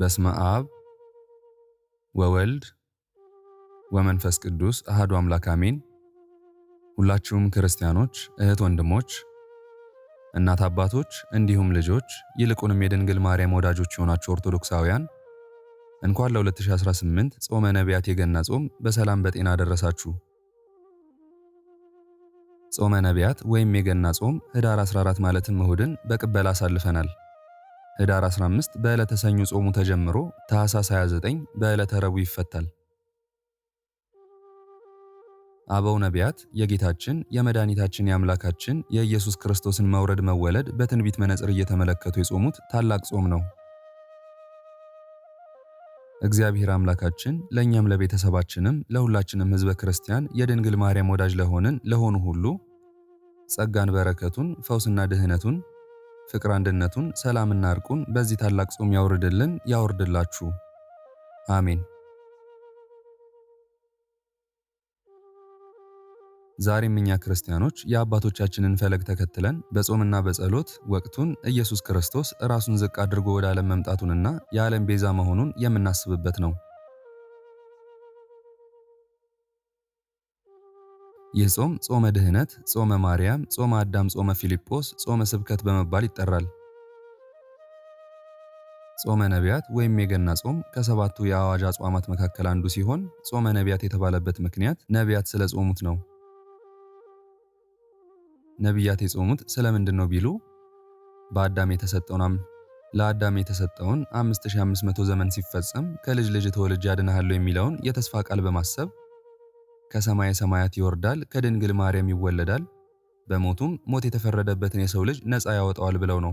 በስመ አብ ወወልድ ወመንፈስ ቅዱስ አህዱ አምላክ አሜን። ሁላችሁም ክርስቲያኖች እህት ወንድሞች፣ እናት አባቶች፣ እንዲሁም ልጆች ይልቁንም የድንግል ማርያም ወዳጆች የሆናችሁ ኦርቶዶክሳውያን እንኳን ለ2018 ጾመ ነቢያት የገና ጾም በሰላም በጤና አደረሳችሁ። ጾመ ነቢያት ወይም የገና ጾም ህዳር 14 ማለትም እሁድን በቅበላ አሳልፈናል። ህዳር 15 በዕለተ ሰኞ ጾሙ ተጀምሮ ታኅሳስ 29 በዕለተ ረቡዕ ይፈታል። አበው ነቢያት የጌታችን የመድኃኒታችን የአምላካችን የኢየሱስ ክርስቶስን መውረድ መወለድ በትንቢት መነጽር እየተመለከቱ የጾሙት ታላቅ ጾም ነው። እግዚአብሔር አምላካችን ለእኛም ለቤተሰባችንም ለሁላችንም ህዝበ ክርስቲያን የድንግል ማርያም ወዳጅ ለሆንን ለሆኑ ሁሉ ጸጋን፣ በረከቱን፣ ፈውስና ድህነቱን ፍቅር አንድነቱን ሰላምና እርቁን በዚህ ታላቅ ጾም ያውርድልን ያውርድላችሁ፣ አሜን። ዛሬም እኛ ክርስቲያኖች የአባቶቻችንን ፈለግ ተከትለን በጾምና በጸሎት ወቅቱን ኢየሱስ ክርስቶስ ራሱን ዝቅ አድርጎ ወደ ዓለም መምጣቱንና የዓለም ቤዛ መሆኑን የምናስብበት ነው። ይህ ጾም ጾመ ድህነት፣ ጾመ ማርያም፣ ጾመ አዳም፣ ጾመ ፊልጶስ፣ ጾመ ስብከት በመባል ይጠራል። ጾመ ነቢያት ወይም የገና ጾም ከሰባቱ የአዋጅ አጽዋማት መካከል አንዱ ሲሆን ጾመ ነቢያት የተባለበት ምክንያት ነቢያት ስለ ጾሙት ነው። ነቢያት የጾሙት ስለምንድን ነው ቢሉ በአዳም የተሰጠውን አም ለአዳም የተሰጠውን 5500 ዘመን ሲፈጸም ከልጅ ልጅ ተወልጄ አድንሃለሁ የሚለውን የተስፋ ቃል በማሰብ ከሰማይ ሰማያት ይወርዳል፣ ከድንግል ማርያም ይወለዳል፣ በሞቱም ሞት የተፈረደበትን የሰው ልጅ ነፃ ያወጣዋል ብለው ነው።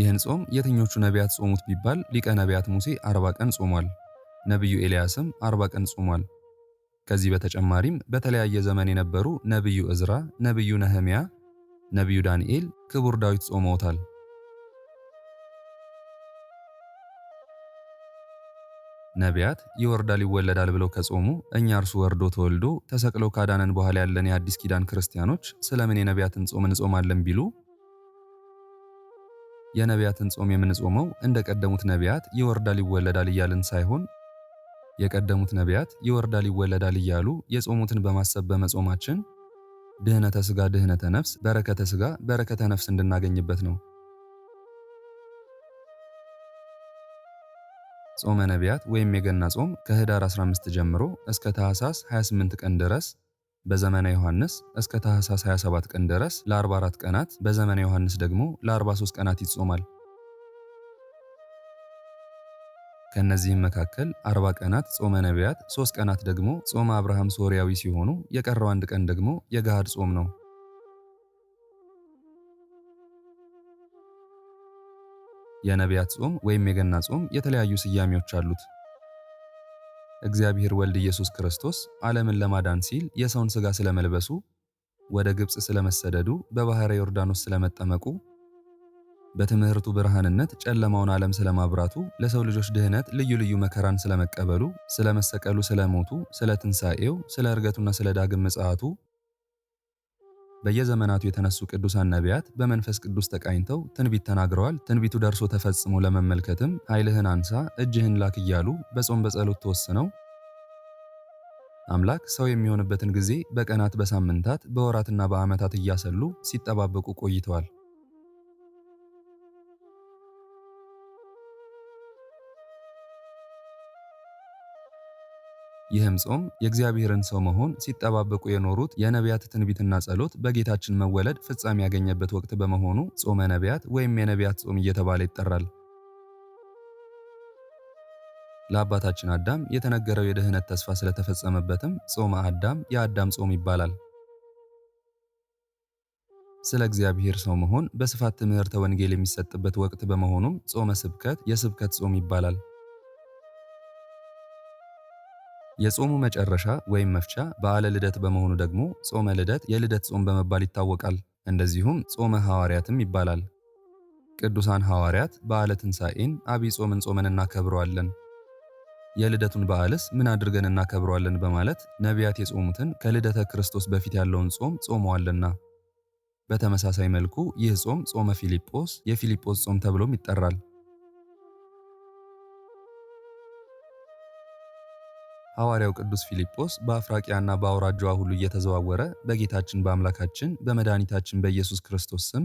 ይህን ጾም የትኞቹ ነቢያት ጾሙት ቢባል ሊቀ ነቢያት ሙሴ አርባ ቀን ጾሟል። ነቢዩ ኤልያስም አርባ ቀን ጾሟል። ከዚህ በተጨማሪም በተለያየ ዘመን የነበሩ ነቢዩ እዝራ፣ ነቢዩ ነህምያ፣ ነቢዩ ዳንኤል፣ ክቡር ዳዊት ጾመውታል። ነቢያት ይወርዳል ይወለዳል ብለው ከጾሙ እኛ እርሱ ወርዶ ተወልዶ ተሰቅለው ካዳነን በኋላ ያለን የአዲስ ኪዳን ክርስቲያኖች ስለምን የነቢያትን ጾም እንጾማለን ቢሉ የነቢያትን ጾም የምንጾመው እንደ ቀደሙት ነቢያት ይወርዳል ይወለዳል እያልን ሳይሆን የቀደሙት ነቢያት ይወርዳል ይወለዳል እያሉ የጾሙትን በማሰብ በመጾማችን ድህነተ ስጋ ድህነተ ነፍስ፣ በረከተ ስጋ በረከተ ነፍስ እንድናገኝበት ነው። ጾመ ነቢያት ወይም የገና ጾም ከህዳር 15 ጀምሮ እስከ ታህሳስ 28 ቀን ድረስ በዘመነ ዮሐንስ እስከ ታህሳስ 27 ቀን ድረስ ለ44 ቀናት በዘመነ ዮሐንስ ደግሞ ለ43 ቀናት ይጾማል። ከእነዚህም መካከል 40 ቀናት ጾመ ነቢያት፣ 3 ቀናት ደግሞ ጾመ አብርሃም ሶርያዊ ሲሆኑ የቀረው አንድ ቀን ደግሞ የገሃድ ጾም ነው። የነቢያት ጾም ወይም የገና ጾም የተለያዩ ስያሜዎች አሉት። እግዚአብሔር ወልድ ኢየሱስ ክርስቶስ ዓለምን ለማዳን ሲል የሰውን ሥጋ ስለመልበሱ፣ ወደ ግብፅ ስለመሰደዱ፣ በባሕረ ዮርዳኖስ ስለመጠመቁ፣ በትምህርቱ ብርሃንነት ጨለማውን ዓለም ስለማብራቱ፣ ለሰው ልጆች ድህነት ልዩ ልዩ መከራን ስለመቀበሉ፣ ስለመሰቀሉ፣ ስለሞቱ፣ ስለ ትንሣኤው፣ ስለ ዕርገቱና ስለ ዳግም ምጽአቱ በየዘመናቱ የተነሱ ቅዱሳን ነቢያት በመንፈስ ቅዱስ ተቃኝተው ትንቢት ተናግረዋል። ትንቢቱ ደርሶ ተፈጽሞ ለመመልከትም ኃይልህን አንሳ፣ እጅህን ላክ እያሉ በጾም በጸሎት ተወስነው አምላክ ሰው የሚሆንበትን ጊዜ በቀናት፣ በሳምንታት፣ በወራትና በዓመታት እያሰሉ ሲጠባበቁ ቆይተዋል። ይህም ጾም የእግዚአብሔርን ሰው መሆን ሲጠባበቁ የኖሩት የነቢያት ትንቢትና ጸሎት በጌታችን መወለድ ፍጻሜ ያገኘበት ወቅት በመሆኑ ጾመ ነቢያት ወይም የነቢያት ጾም እየተባለ ይጠራል። ለአባታችን አዳም የተነገረው የደህነት ተስፋ ስለተፈጸመበትም ጾመ አዳም የአዳም ጾም ይባላል። ስለ እግዚአብሔር ሰው መሆን በስፋት ትምህርተ ወንጌል የሚሰጥበት ወቅት በመሆኑም ጾመ ስብከት የስብከት ጾም ይባላል። የጾሙ መጨረሻ ወይም መፍቻ በዓለ ልደት በመሆኑ ደግሞ ጾመ ልደት የልደት ጾም በመባል ይታወቃል። እንደዚሁም ጾመ ሐዋርያትም ይባላል። ቅዱሳን ሐዋርያት በዓለ ትንሣኤን አብይ ጾምን ጾመን እናከብረዋለን። የልደቱን በዓልስ ምን አድርገን እናከብረዋለን በማለት ነቢያት የጾሙትን ከልደተ ክርስቶስ በፊት ያለውን ጾም ጾመዋልና። በተመሳሳይ መልኩ ይህ ጾም ጾመ ፊልጶስ፣ የፊልጶስ ጾም ተብሎም ይጠራል። ሐዋርያው ቅዱስ ፊልጶስ በአፍራቂያና በአውራጃዋ ሁሉ እየተዘዋወረ በጌታችን በአምላካችን በመድኃኒታችን በኢየሱስ ክርስቶስ ስም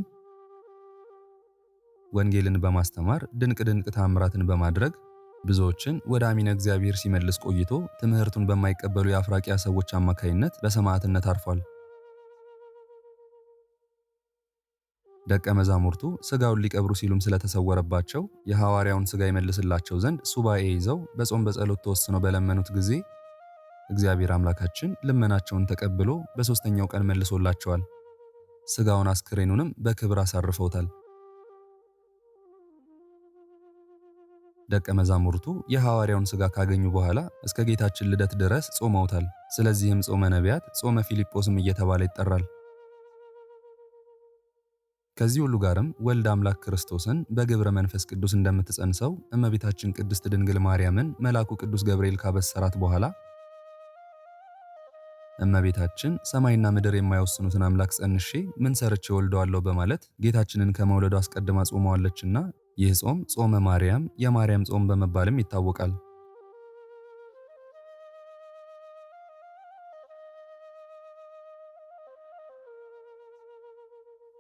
ወንጌልን በማስተማር ድንቅ ድንቅ ታምራትን በማድረግ ብዙዎችን ወደ አሚነ እግዚአብሔር ሲመልስ ቆይቶ ትምህርቱን በማይቀበሉ የአፍራቂያ ሰዎች አማካይነት በሰማዕትነት አርፏል። ደቀ መዛሙርቱ ስጋውን ሊቀብሩ ሲሉም ስለተሰወረባቸው የሐዋርያውን ስጋ ይመልስላቸው ዘንድ ሱባኤ ይዘው በጾም በጸሎት ተወስነው በለመኑት ጊዜ እግዚአብሔር አምላካችን ልመናቸውን ተቀብሎ በሦስተኛው ቀን መልሶላቸዋል። ስጋውን አስክሬኑንም በክብር አሳርፈውታል። ደቀ መዛሙርቱ የሐዋርያውን ስጋ ካገኙ በኋላ እስከ ጌታችን ልደት ድረስ ጾመውታል። ስለዚህም ጾመ ነቢያት፣ ጾመ ፊልጶስም እየተባለ ይጠራል። ከዚህ ሁሉ ጋርም ወልድ አምላክ ክርስቶስን በግብረ መንፈስ ቅዱስ እንደምትጸንሰው እመቤታችን ቅድስት ድንግል ማርያምን መልአኩ ቅዱስ ገብርኤል ካበሰራት በኋላ እመቤታችን ሰማይና ምድር የማይወስኑትን አምላክ ጸንሼ ምን ሰርቼ ወልደዋለሁ በማለት ጌታችንን ከመውለዱ አስቀድማ ጾመዋለችና ይህ ጾም ጾመ ማርያም፣ የማርያም ጾም በመባልም ይታወቃል።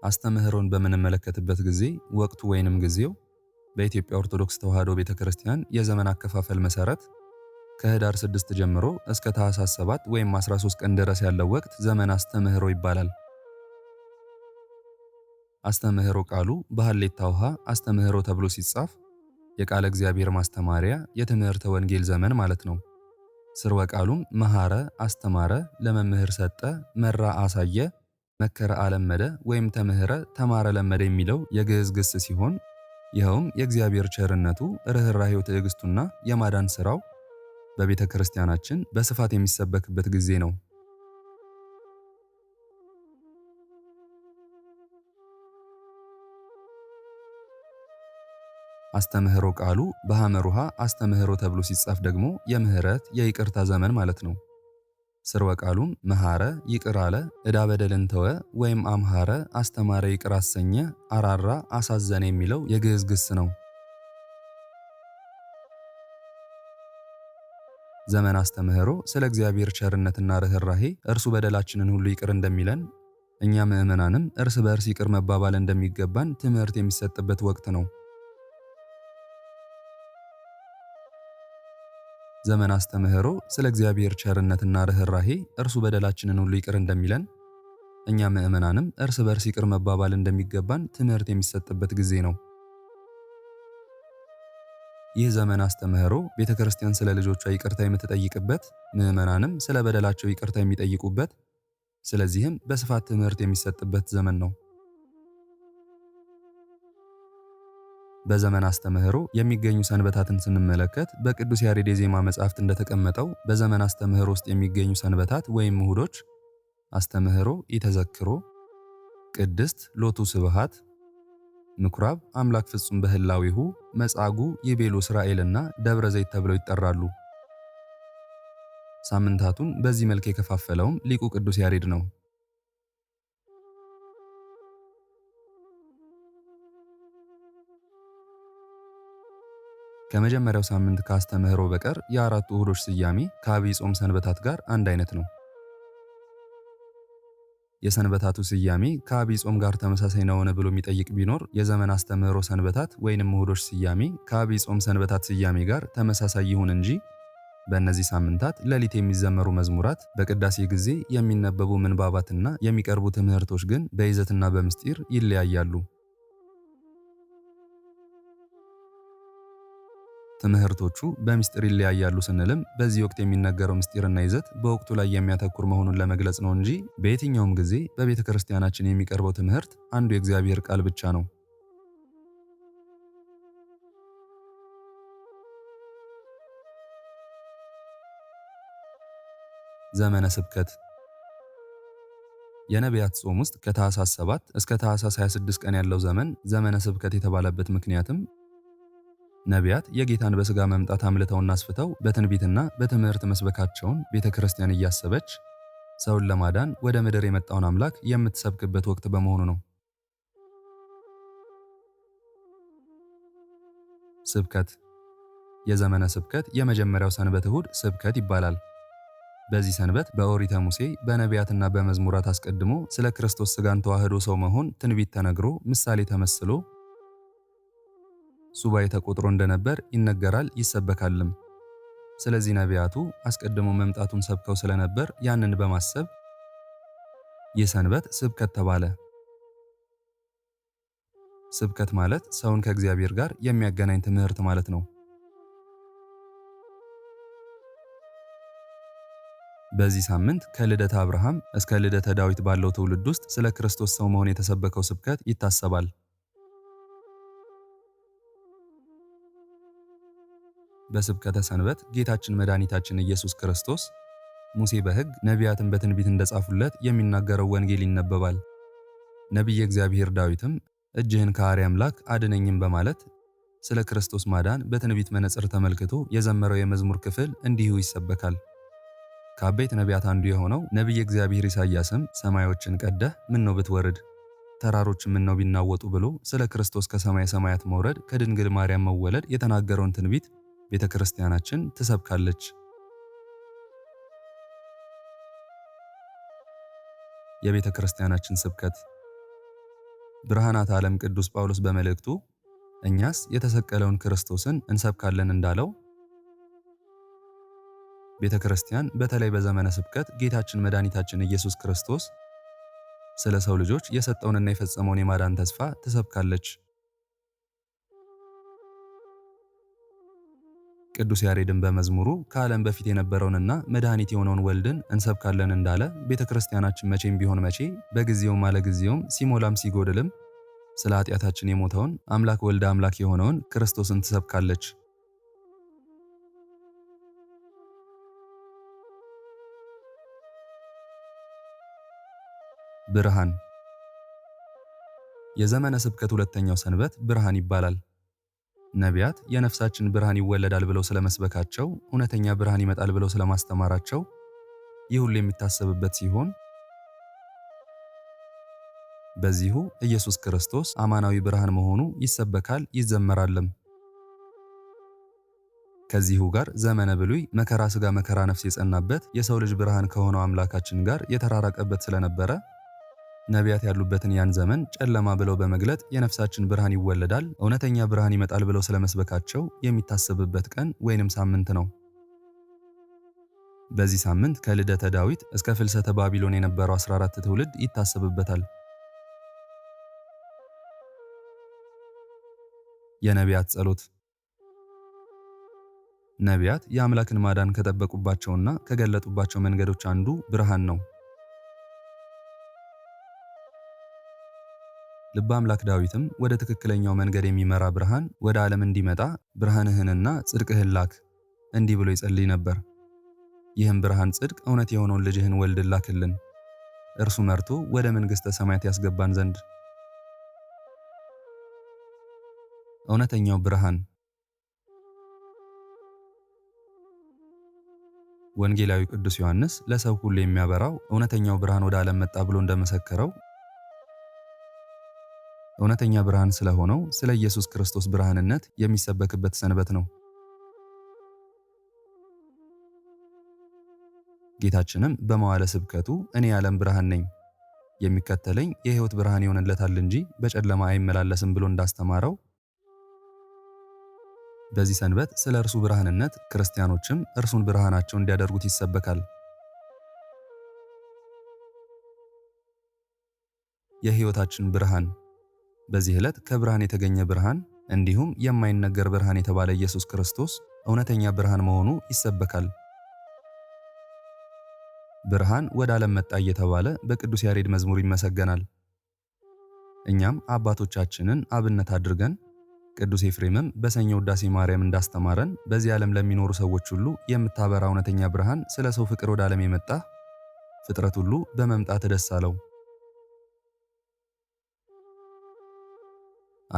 አስተምህሮን በምንመለከትበት ጊዜ ወቅቱ ወይንም ጊዜው በኢትዮጵያ ኦርቶዶክስ ተዋሕዶ ቤተ ክርስቲያን የዘመን አከፋፈል መሰረት ከህዳር 6 ጀምሮ እስከ ታኅሳስ 7 ወይም 13 ቀን ድረስ ያለው ወቅት ዘመን አስተምህሮ ይባላል። አስተምህሮ ቃሉ በሐሌታ ውሃ አስተምህሮ ተብሎ ሲጻፍ የቃለ እግዚአብሔር ማስተማሪያ የትምህርተ ወንጌል ዘመን ማለት ነው። ስርወ ቃሉም መሐረ፣ አስተማረ፣ ለመምህር ሰጠ፣ መራ፣ አሳየ መከረ አለመደ ወይም ተምህረ ተማረ ለመደ የሚለው የግዕዝ ግስ ሲሆን ይኸውም የእግዚአብሔር ቸርነቱ ርኅራኄው፣ ትዕግስቱና የማዳን ሥራው በቤተ ክርስቲያናችን በስፋት የሚሰበክበት ጊዜ ነው። አስተምህሮ ቃሉ በሐመር ውሃ አስተምህሮ ተብሎ ሲጻፍ ደግሞ የምህረት የይቅርታ ዘመን ማለት ነው። ስርወ ቃሉም መሐረ ይቅር አለ፣ ዕዳ በደልን ተወ ወይም አምሐረ አስተማረ፣ ይቅር አሰኘ፣ አራራ፣ አሳዘነ የሚለው የግዕዝ ግስ ነው። ዘመን አስተምህሮ ስለ እግዚአብሔር ቸርነትና ርኅራሄ እርሱ በደላችንን ሁሉ ይቅር እንደሚለን እኛ ምእመናንም እርስ በእርስ ይቅር መባባል እንደሚገባን ትምህርት የሚሰጥበት ወቅት ነው። ዘመን አስተምህሮ ስለ እግዚአብሔር ቸርነትና ርኅራሄ እርሱ በደላችንን ሁሉ ይቅር እንደሚለን እኛ ምእመናንም እርስ በርስ ይቅር መባባል እንደሚገባን ትምህርት የሚሰጥበት ጊዜ ነው። ይህ ዘመን አስተምህሮ ቤተ ክርስቲያን ስለ ልጆቿ ይቅርታ የምትጠይቅበት፣ ምዕመናንም ስለ በደላቸው ይቅርታ የሚጠይቁበት፣ ስለዚህም በስፋት ትምህርት የሚሰጥበት ዘመን ነው። በዘመን አስተምህሮ የሚገኙ ሰንበታትን ስንመለከት በቅዱስ ያሬድ የዜማ መጽሐፍት እንደተቀመጠው በዘመን አስተምህሮ ውስጥ የሚገኙ ሰንበታት ወይም እሁዶች አስተምህሮ ኢተዘክሮ፣ ቅድስት ሎቱ ስብሃት፣ ምኩራብ አምላክ ፍጹም በህላዊሁ፣ መጻጉ የቤሎ እስራኤልና ደብረ ዘይት ተብለው ይጠራሉ። ሳምንታቱን በዚህ መልክ የከፋፈለውም ሊቁ ቅዱስ ያሬድ ነው። ከመጀመሪያው ሳምንት ካስተምህሮ በቀር የአራቱ እሁዶች ስያሜ ከአብይ ጾም ሰንበታት ጋር አንድ አይነት ነው። የሰንበታቱ ስያሜ ከአብይ ጾም ጋር ተመሳሳይ ነውን ብሎ የሚጠይቅ ቢኖር የዘመን አስተምህሮ ሰንበታት ወይንም እሁዶች ስያሜ ከአብይ ጾም ሰንበታት ስያሜ ጋር ተመሳሳይ ይሁን እንጂ በእነዚህ ሳምንታት ሌሊት የሚዘመሩ መዝሙራት፣ በቅዳሴ ጊዜ የሚነበቡ ምንባባትና የሚቀርቡ ትምህርቶች ግን በይዘትና በምስጢር ይለያያሉ። ትምህርቶቹ በምስጢር ይለያያሉ ስንልም በዚህ ወቅት የሚነገረው ምስጢርና ይዘት በወቅቱ ላይ የሚያተኩር መሆኑን ለመግለጽ ነው እንጂ በየትኛውም ጊዜ በቤተ ክርስቲያናችን የሚቀርበው ትምህርት አንዱ የእግዚአብሔር ቃል ብቻ ነው። ዘመነ ስብከት የነቢያት ጾም ውስጥ ከታኅሳስ 7 እስከ ታኅሳስ 26 ቀን ያለው ዘመን ዘመነ ስብከት የተባለበት ምክንያትም ነቢያት የጌታን በሥጋ መምጣት አምልተውና አስፍተው በትንቢትና በትምህርት መስበካቸውን ቤተ ክርስቲያን እያሰበች ሰውን ለማዳን ወደ ምድር የመጣውን አምላክ የምትሰብክበት ወቅት በመሆኑ ነው። ስብከት የዘመነ ስብከት የመጀመሪያው ሰንበት እሁድ ስብከት ይባላል። በዚህ ሰንበት በኦሪተ ሙሴ በነቢያትና በመዝሙራት አስቀድሞ ስለ ክርስቶስ ሥጋን ተዋህዶ ሰው መሆን ትንቢት ተነግሮ ምሳሌ ተመስሎ ሱባኤ ተቆጥሮ እንደነበር ይነገራል ይሰበካልም። ስለዚህ ነቢያቱ አስቀድመው መምጣቱን ሰብከው ስለነበር ያንን በማሰብ የሰንበት ስብከት ተባለ። ስብከት ማለት ሰውን ከእግዚአብሔር ጋር የሚያገናኝ ትምህርት ማለት ነው። በዚህ ሳምንት ከልደተ አብርሃም እስከ ልደተ ዳዊት ባለው ትውልድ ውስጥ ስለ ክርስቶስ ሰው መሆን የተሰበከው ስብከት ይታሰባል። በስብከተ ሰንበት ጌታችን መድኃኒታችን ኢየሱስ ክርስቶስ ሙሴ በሕግ ነቢያትን በትንቢት እንደጻፉለት የሚናገረው ወንጌል ይነበባል። ነቢየ እግዚአብሔር ዳዊትም እጅህን ከአሪ አምላክ አድነኝም በማለት ስለ ክርስቶስ ማዳን በትንቢት መነጽር ተመልክቶ የዘመረው የመዝሙር ክፍል እንዲሁ ይሰበካል። ከአበይት ነቢያት አንዱ የሆነው ነቢየ እግዚአብሔር ኢሳይያስም ሰማዮችን ቀደህ ምን ነው ብትወርድ ተራሮች ምን ነው ቢናወጡ ብሎ ስለ ክርስቶስ ከሰማይ ሰማያት መውረድ ከድንግል ማርያም መወለድ የተናገረውን ትንቢት ቤተ ክርስቲያናችን ትሰብካለች። የቤተ ክርስቲያናችን ስብከት ብርሃናት ዓለም ቅዱስ ጳውሎስ በመልእክቱ እኛስ የተሰቀለውን ክርስቶስን እንሰብካለን እንዳለው ቤተ ክርስቲያን በተለይ በዘመነ ስብከት ጌታችን መድኃኒታችን ኢየሱስ ክርስቶስ ስለ ሰው ልጆች የሰጠውንና የፈጸመውን የማዳን ተስፋ ትሰብካለች። ቅዱስ ያሬድን በመዝሙሩ ከዓለም በፊት የነበረውንና መድኃኒት የሆነውን ወልድን እንሰብካለን እንዳለ ቤተ ክርስቲያናችን መቼም ቢሆን መቼ በጊዜውም አለጊዜውም ሲሞላም ሲጎድልም ስለ ኃጢአታችን የሞተውን አምላክ ወልደ አምላክ የሆነውን ክርስቶስን ትሰብካለች። ብርሃን የዘመነ ስብከት ሁለተኛው ሰንበት ብርሃን ይባላል። ነቢያት የነፍሳችን ብርሃን ይወለዳል ብለው ስለመስበካቸው፣ እውነተኛ ብርሃን ይመጣል ብለው ስለማስተማራቸው ይህ ሁሉ የሚታሰብበት ሲሆን በዚሁ ኢየሱስ ክርስቶስ አማናዊ ብርሃን መሆኑ ይሰበካል ይዘመራልም። ከዚሁ ጋር ዘመነ ብሉይ መከራ ሥጋ መከራ ነፍስ የጸናበት የሰው ልጅ ብርሃን ከሆነው አምላካችን ጋር የተራራቀበት ስለነበረ ነቢያት ያሉበትን ያን ዘመን ጨለማ ብለው በመግለጥ የነፍሳችን ብርሃን ይወለዳል፣ እውነተኛ ብርሃን ይመጣል ብለው ስለመስበካቸው የሚታሰብበት ቀን ወይንም ሳምንት ነው። በዚህ ሳምንት ከልደተ ዳዊት እስከ ፍልሰተ ባቢሎን የነበረው 14 ትውልድ ይታሰብበታል። የነቢያት ጸሎት ነቢያት የአምላክን ማዳን ከጠበቁባቸውና ከገለጡባቸው መንገዶች አንዱ ብርሃን ነው። ልበ አምላክ ዳዊትም ወደ ትክክለኛው መንገድ የሚመራ ብርሃን ወደ ዓለም እንዲመጣ ብርሃንህንና ጽድቅህን ላክ እንዲህ ብሎ ይጸልይ ነበር። ይህም ብርሃን ጽድቅ እውነት የሆነውን ልጅህን ወልድን ላክልን እርሱ መርቶ ወደ መንግሥተ ሰማያት ያስገባን ዘንድ። እውነተኛው ብርሃን ወንጌላዊ ቅዱስ ዮሐንስ ለሰው ሁሉ የሚያበራው እውነተኛው ብርሃን ወደ ዓለም መጣ ብሎ እንደመሰከረው እውነተኛ ብርሃን ስለሆነው ስለ ኢየሱስ ክርስቶስ ብርሃንነት የሚሰበክበት ሰንበት ነው። ጌታችንም በመዋለ ስብከቱ እኔ የዓለም ብርሃን ነኝ የሚከተለኝ የሕይወት ብርሃን ይሆንለታል እንጂ በጨለማ አይመላለስም ብሎ እንዳስተማረው በዚህ ሰንበት ስለ እርሱ ብርሃንነት ክርስቲያኖችም እርሱን ብርሃናቸው እንዲያደርጉት ይሰበካል። የሕይወታችን ብርሃን በዚህ ዕለት ከብርሃን የተገኘ ብርሃን እንዲሁም የማይነገር ብርሃን የተባለ ኢየሱስ ክርስቶስ እውነተኛ ብርሃን መሆኑ ይሰበካል። ብርሃን ወደ ዓለም መጣ እየተባለ በቅዱስ ያሬድ መዝሙር ይመሰገናል። እኛም አባቶቻችንን አብነት አድርገን ቅዱስ ኤፍሬምም በሰኞ ውዳሴ ማርያም እንዳስተማረን በዚህ ዓለም ለሚኖሩ ሰዎች ሁሉ የምታበራ እውነተኛ ብርሃን ስለ ሰው ፍቅር ወደ ዓለም የመጣ ፍጥረት ሁሉ በመምጣት ደስ አለው።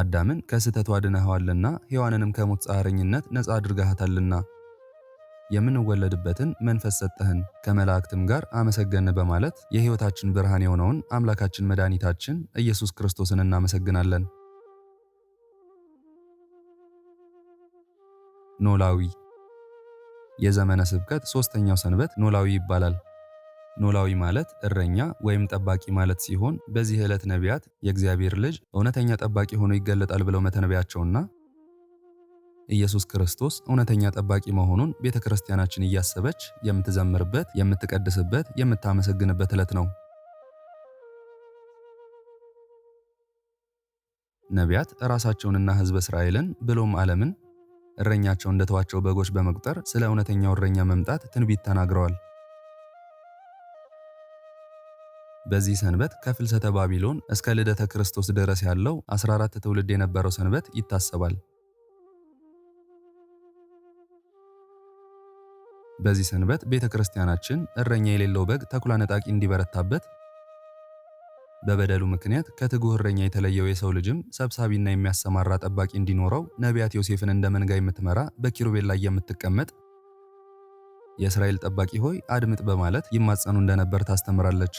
አዳምን ከስህተቱ አድነኸዋልና ሔዋንንም ከሞት ጻረኝነት ነፃ አድርገሃታልና የምንወለድበትን መንፈስ ሰጠህን ከመላእክትም ጋር አመሰገን በማለት የሕይወታችን ብርሃን የሆነውን አምላካችን መድኃኒታችን ኢየሱስ ክርስቶስን እናመሰግናለን። ኖላዊ የዘመነ ስብከት ሦስተኛው ሰንበት ኖላዊ ይባላል። ኖላዊ ማለት እረኛ ወይም ጠባቂ ማለት ሲሆን በዚህ ዕለት ነቢያት የእግዚአብሔር ልጅ እውነተኛ ጠባቂ ሆኖ ይገለጣል ብለው መተነቢያቸውና ኢየሱስ ክርስቶስ እውነተኛ ጠባቂ መሆኑን ቤተ ክርስቲያናችን እያሰበች የምትዘምርበት፣ የምትቀድስበት፣ የምታመሰግንበት ዕለት ነው። ነቢያት ራሳቸውንና ሕዝበ እስራኤልን ብሎም ዓለምን እረኛቸው እንደተዋቸው በጎች በመቁጠር ስለ እውነተኛው እረኛ መምጣት ትንቢት ተናግረዋል። በዚህ ሰንበት ከፍልሰተ ባቢሎን እስከ ልደተ ክርስቶስ ድረስ ያለው 14 ትውልድ የነበረው ሰንበት ይታሰባል። በዚህ ሰንበት ቤተ ክርስቲያናችን እረኛ የሌለው በግ ተኩላ ነጣቂ እንዲበረታበት በበደሉ ምክንያት ከትጉህ እረኛ የተለየው የሰው ልጅም ሰብሳቢና የሚያሰማራ ጠባቂ እንዲኖረው ነቢያት ዮሴፍን እንደ መንጋ የምትመራ በኪሩቤል ላይ የምትቀመጥ የእስራኤል ጠባቂ ሆይ አድምጥ በማለት ይማጸኑ እንደነበር ታስተምራለች።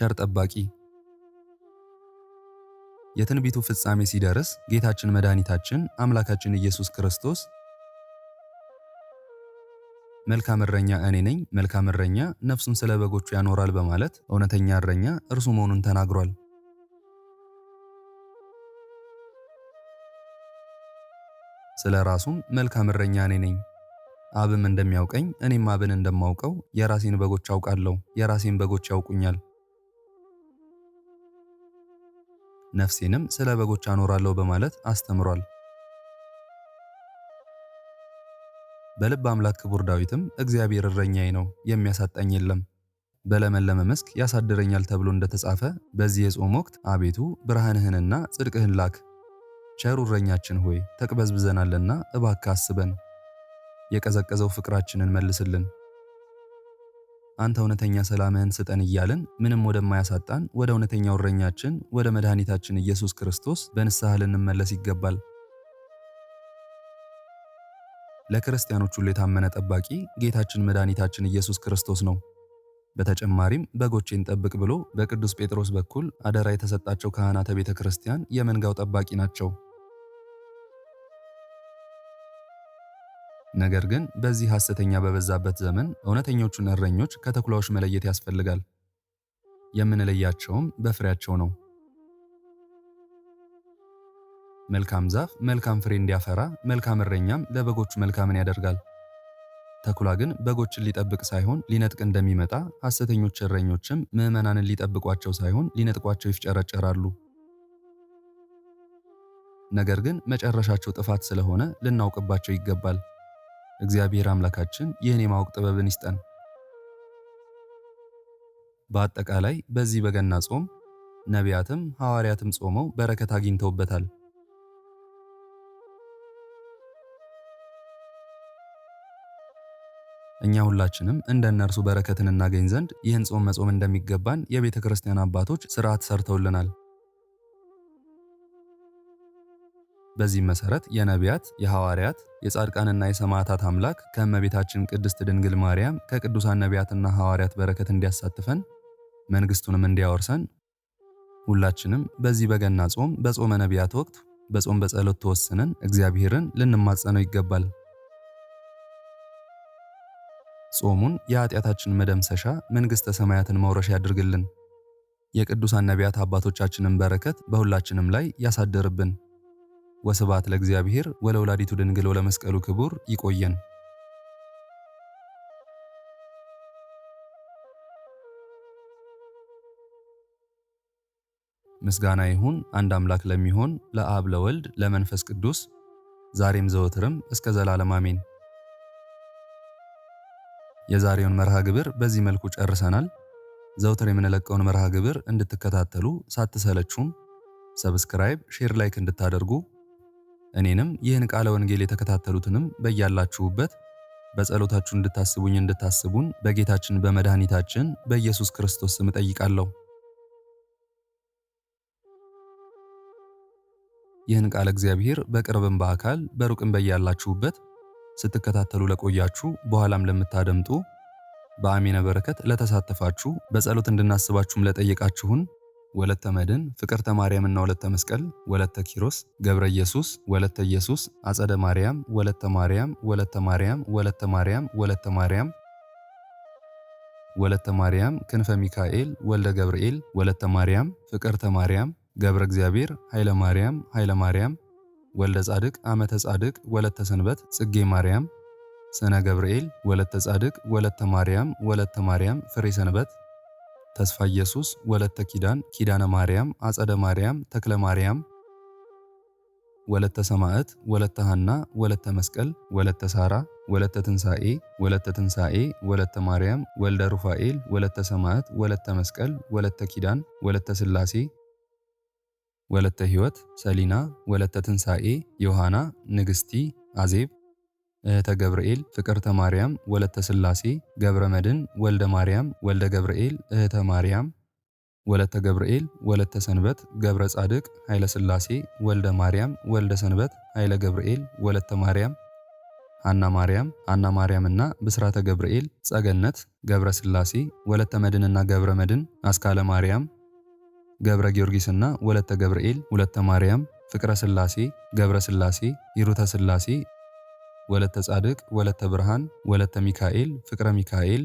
ቸር ጠባቂ የትንቢቱ ፍጻሜ ሲደርስ ጌታችን መድኃኒታችን አምላካችን ኢየሱስ ክርስቶስ መልካም እረኛ እኔ ነኝ፣ መልካም እረኛ ነፍሱን ስለ በጎቹ ያኖራል በማለት እውነተኛ እረኛ እርሱ መሆኑን ተናግሯል። ስለ ራሱም መልካም እረኛ እኔ ነኝ፣ አብም እንደሚያውቀኝ እኔም አብን እንደማውቀው የራሴን በጎች አውቃለሁ፣ የራሴን በጎች ያውቁኛል ነፍሴንም ስለ በጎች አኖራለሁ በማለት አስተምሯል። በልብ አምላክ ክቡር ዳዊትም እግዚአብሔር እረኛዬ ነው የሚያሳጣኝ የለም፣ በለመለመ መስክ ያሳድረኛል ተብሎ እንደተጻፈ በዚህ የጾም ወቅት አቤቱ ብርሃንህንና ጽድቅህን ላክ፣ ቸሩ እረኛችን ሆይ ተቅበዝብዘናልና እባክህ አስበን፣ የቀዘቀዘው ፍቅራችንን መልስልን አንተ እውነተኛ ሰላምህን ስጠን እያልን ምንም ወደማያሳጣን ወደ እውነተኛው እረኛችን ወደ መድኃኒታችን ኢየሱስ ክርስቶስ በንስሐ ልንመለስ ይገባል። ለክርስቲያኖች ሁሉ የታመነ ጠባቂ ጌታችን መድኃኒታችን ኢየሱስ ክርስቶስ ነው። በተጨማሪም በጎቼን ጠብቅ ብሎ በቅዱስ ጴጥሮስ በኩል አደራ የተሰጣቸው ካህናተ ቤተ ክርስቲያን የመንጋው ጠባቂ ናቸው። ነገር ግን በዚህ ሐሰተኛ በበዛበት ዘመን እውነተኞቹን እረኞች ከተኩላዎች መለየት ያስፈልጋል። የምንለያቸውም በፍሬያቸው ነው። መልካም ዛፍ መልካም ፍሬ እንዲያፈራ፣ መልካም እረኛም ለበጎቹ መልካምን ያደርጋል። ተኩላ ግን በጎችን ሊጠብቅ ሳይሆን ሊነጥቅ እንደሚመጣ ሐሰተኞች እረኞችም ምዕመናንን ሊጠብቋቸው ሳይሆን ሊነጥቋቸው ይፍጨረጨራሉ። ነገር ግን መጨረሻቸው ጥፋት ስለሆነ ልናውቅባቸው ይገባል። እግዚአብሔር አምላካችን ይህን የማወቅ ጥበብን ይስጠን። በአጠቃላይ በዚህ በገና ጾም ነቢያትም ሐዋርያትም ጾመው በረከት አግኝተውበታል። እኛ ሁላችንም እንደ እነርሱ በረከትን እናገኝ ዘንድ ይህን ጾም መጾም እንደሚገባን የቤተ ክርስቲያን አባቶች ሥርዓት ሰርተውልናል። በዚህ መሰረት የነቢያት፣ የሐዋርያት፣ የጻድቃንና የሰማዕታት አምላክ ከእመቤታችን ቅድስት ድንግል ማርያም ከቅዱሳን ነቢያትና ሐዋርያት በረከት እንዲያሳትፈን መንግስቱንም እንዲያወርሰን ሁላችንም በዚህ በገና ጾም በጾመ ነቢያት ወቅት በጾም በጸሎት ተወስነን እግዚአብሔርን ልንማጸነው ይገባል። ጾሙን የኃጢአታችን መደምሰሻ መንግሥተ ሰማያትን መውረሻ ያድርግልን። የቅዱሳን ነቢያት አባቶቻችንን በረከት በሁላችንም ላይ ያሳደርብን። ወስብሐት ለእግዚአብሔር ወለወላዲቱ ድንግል ወለመስቀሉ ክቡር። ይቆየን። ምስጋና ይሁን አንድ አምላክ ለሚሆን ለአብ ለወልድ ለመንፈስ ቅዱስ ዛሬም ዘወትርም እስከ ዘላለም አሜን። የዛሬውን መርሃ ግብር በዚህ መልኩ ጨርሰናል። ዘውትር የምንለቀውን መርሃ ግብር እንድትከታተሉ ሳትሰለቹም ሰብስክራይብ፣ ሼር፣ ላይክ እንድታደርጉ እኔንም ይህን ቃለ ወንጌል የተከታተሉትንም በያላችሁበት በጸሎታችሁ እንድታስቡኝ እንድታስቡን በጌታችን በመድኃኒታችን በኢየሱስ ክርስቶስ ስም እጠይቃለሁ። ይህን ቃለ እግዚአብሔር በቅርብም በአካል በሩቅም በያላችሁበት ስትከታተሉ ለቆያችሁ በኋላም ለምታደምጡ በአሜነ በረከት ለተሳተፋችሁ በጸሎት እንድናስባችሁም ለጠየቃችሁን ወለተ መድን፣ ፍቅርተ ማርያምና ወለተ መስቀል፣ ወለተ ኪሮስ፣ ገብረ ኢየሱስ፣ ወለተ ኢየሱስ፣ አጸደ ማርያም፣ ወለተ ማርያም፣ ወለተ ማርያም፣ ወለተ ማርያም፣ ወለተ ማርያም ወለተ ማርያም፣ ክንፈ ሚካኤል፣ ወልደ ገብርኤል፣ ወለተ ማርያም፣ ፍቅርተ ማርያም፣ ገብረ እግዚአብሔር፣ ኃይለ ማርያም፣ ኃይለ ማርያም፣ ወልደ ጻድቅ፣ አመተ ጻድቅ፣ ወለተ ሰንበት፣ ጽጌ ማርያም፣ ሰነ ገብርኤል፣ ወለተ ጻድቅ፣ ወለተ ማርያም፣ ወለተ ማርያም፣ ፍሬ ሰንበት ተስፋ ኢየሱስ፣ ወለተ ኪዳን፣ ኪዳነ ማርያም፣ አጸደ ማርያም፣ ተክለ ማርያም፣ ወለተ ሰማዕት፣ ወለተ ሐና፣ ወለተ መስቀል፣ ወለተ ሳራ፣ ወለተ ትንሣኤ፣ ወለተ ትንሣኤ፣ ወለተ ማርያም፣ ወልደ ሩፋኤል፣ ወለተ ሰማዕት፣ ወለተ መስቀል፣ ወለተ ኪዳን፣ ወለተ ሥላሴ፣ ወለተ ሕይወት፣ ሰሊና፣ ወለተ ትንሣኤ፣ ዮሐና፣ ንግሥቲ፣ አዜብ እህተ ገብርኤል ፍቅርተ ማርያም ወለተ ስላሴ ገብረ መድን ወልደ ማርያም ወልደ ገብርኤል እህተ ማርያም ወለተ ገብርኤል ወለተ ሰንበት ገብረ ጻድቅ ኃይለ ስላሴ ወልደ ማርያም ወልደ ሰንበት ኃይለ ገብርኤል ወለተ ማርያም ሐና ማርያም ሐና ማርያምና ብስራተ ገብርኤል ጸገነት ገብረ ስላሴ ወለተ መድንና ገብረ መድን አስካለ ማርያም ገብረ ጊዮርጊስና ወለተ ገብርኤል ሁለተ ማርያም ፍቅረ ስላሴ ገብረ ስላሴ ይሩተ ስላሴ። ወለተ ጻድቅ፣ ወለተ ብርሃን፣ ወለተ ሚካኤል፣ ፍቅረ ሚካኤል፣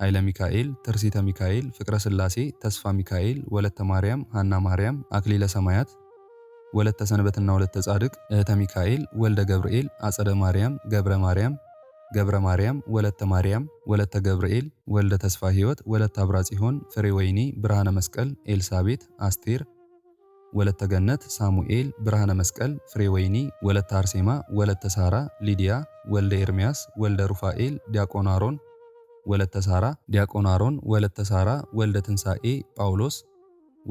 ኃይለ ሚካኤል፣ ትርሲተ ሚካኤል፣ ፍቅረ ስላሴ፣ ተስፋ ሚካኤል፣ ወለተ ማርያም፣ ሃና ማርያም፣ አክሊለ ሰማያት፣ ወለተ ሰንበትና ወለተ ጻድቅ፣ እህተ ሚካኤል፣ ወልደ ገብርኤል፣ አጸደ ማርያም፣ ገብረ ማርያም ገብረ ማርያም ወለተ ማርያም ወለተ ገብርኤል ወልደ ተስፋ ሕይወት ወለተ አብራ ጽዮን ፍሬ ወይኒ ብርሃነ መስቀል ኤልሳቤት አስቴር ወለተ ገነት፣ ሳሙኤል፣ ብርሃነ መስቀል፣ ፍሬወይኒ፣ ወለተ አርሴማ፣ ወለተ ሳራ፣ ሊዲያ፣ ወልደ ኤርሚያስ፣ ወልደ ሩፋኤል፣ ዲያቆን አሮን፣ ወለተ ሳራ፣ ዲያቆን አሮን፣ ወለተ ሳራ፣ ወልደ ትንሣኤ፣ ጳውሎስ፣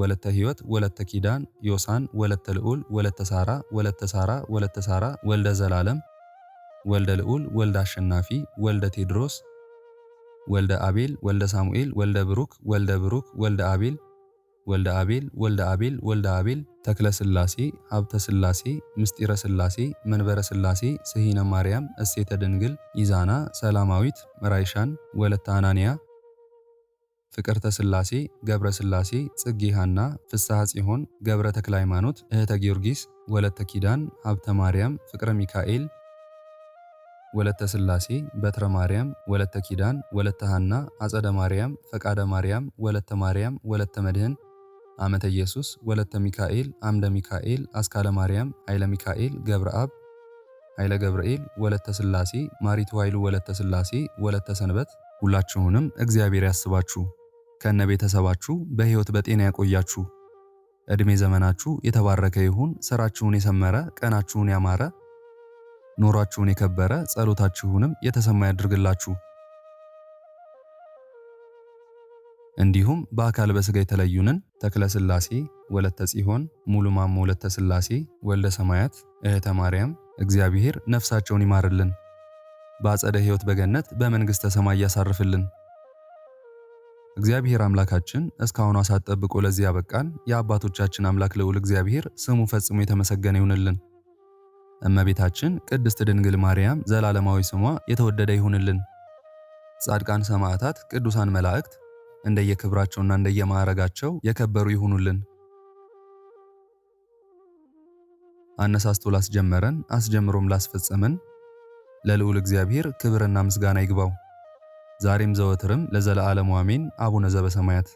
ወለተ ህይወት ወለተ ኪዳን፣ ዮሳን፣ ወለተ ልዑል፣ ወለተ ሳራ፣ ወለተ ሳራ፣ ወለተ ሳራ፣ ወልደ ዘላለም፣ ወልደ ልዑል፣ ወልደ አሸናፊ፣ ወልደ ቴድሮስ፣ ወልደ አቤል፣ ወልደ ሳሙኤል፣ ወልደ ብሩክ፣ ወልደ ብሩክ፣ ወልደ አቤል ወልደ አቤል ወልደ አቤል ወልደ አቤል ተክለ ስላሴ ሀብተ ስላሴ ምስጢረ ስላሴ መንበረ ስላሴ ስሂነ ማርያም እሴተ ድንግል ኢዛና ሰላማዊት ራይሻን ወለተ አናንያ ፍቅርተ ስላሴ ገብረ ስላሴ ጽጌ ሐና ፍስሐ ጽሆን ገብረ ተክለ ሃይማኖት እህተ ጊዮርጊስ ወለተ ኪዳን ሀብተ ማርያም ፍቅረ ሚካኤል ወለተ ስላሴ በትረ ማርያም ወለተ ኪዳን ወለተ ሃና አጸደ ማርያም ፈቃደ ማርያም ወለተ ማርያም ወለተ መድህን አመተ ኢየሱስ፣ ወለተ ሚካኤል፣ አምደ ሚካኤል፣ አስካለ ማርያም፣ ኃይለ ሚካኤል፣ ገብረ አብ፣ ኃይለ ገብርኤል፣ ወለተ ስላሴ፣ ማሪቱ ኃይሉ፣ ወለተ ስላሴ፣ ወለተ ሰንበት፣ ሁላችሁንም እግዚአብሔር ያስባችሁ ከነ ቤተሰባችሁ በህይወት በጤና ያቆያችሁ። እድሜ ዘመናችሁ የተባረከ ይሁን። ሥራችሁን የሰመረ፣ ቀናችሁን ያማረ፣ ኖሯችሁን የከበረ፣ ጸሎታችሁንም የተሰማ ያድርግላችሁ። እንዲሁም በአካል በስጋ የተለዩንን ተክለ ስላሴ ወለተ ጽሆን፣ ሙሉ ማሞ ወለተ ስላሴ ወልደ ሰማያት፣ እህተ ማርያም እግዚአብሔር ነፍሳቸውን ይማርልን፣ በአጸደ ሕይወት በገነት በመንግሥተ ሰማይ ያሳርፍልን። እግዚአብሔር አምላካችን እስካሁኑ ሰዓት ጠብቆ ለዚህ ያበቃን የአባቶቻችን አምላክ ልዑል እግዚአብሔር ስሙ ፈጽሞ የተመሰገነ ይሁንልን። እመቤታችን ቅድስት ድንግል ማርያም ዘላለማዊ ስሟ የተወደደ ይሁንልን። ጻድቃን ሰማዕታት፣ ቅዱሳን መላእክት እንደየክብራቸውና እንደየማዕረጋቸው የከበሩ ይሁኑልን። አነሳስቶ ላስጀመረን አስጀምሮም ላስፈጸመን ለልዑል እግዚአብሔር ክብርና ምስጋና ይግባው ዛሬም ዘወትርም ለዘለዓለሙ አሜን። አቡነ ዘበሰማያት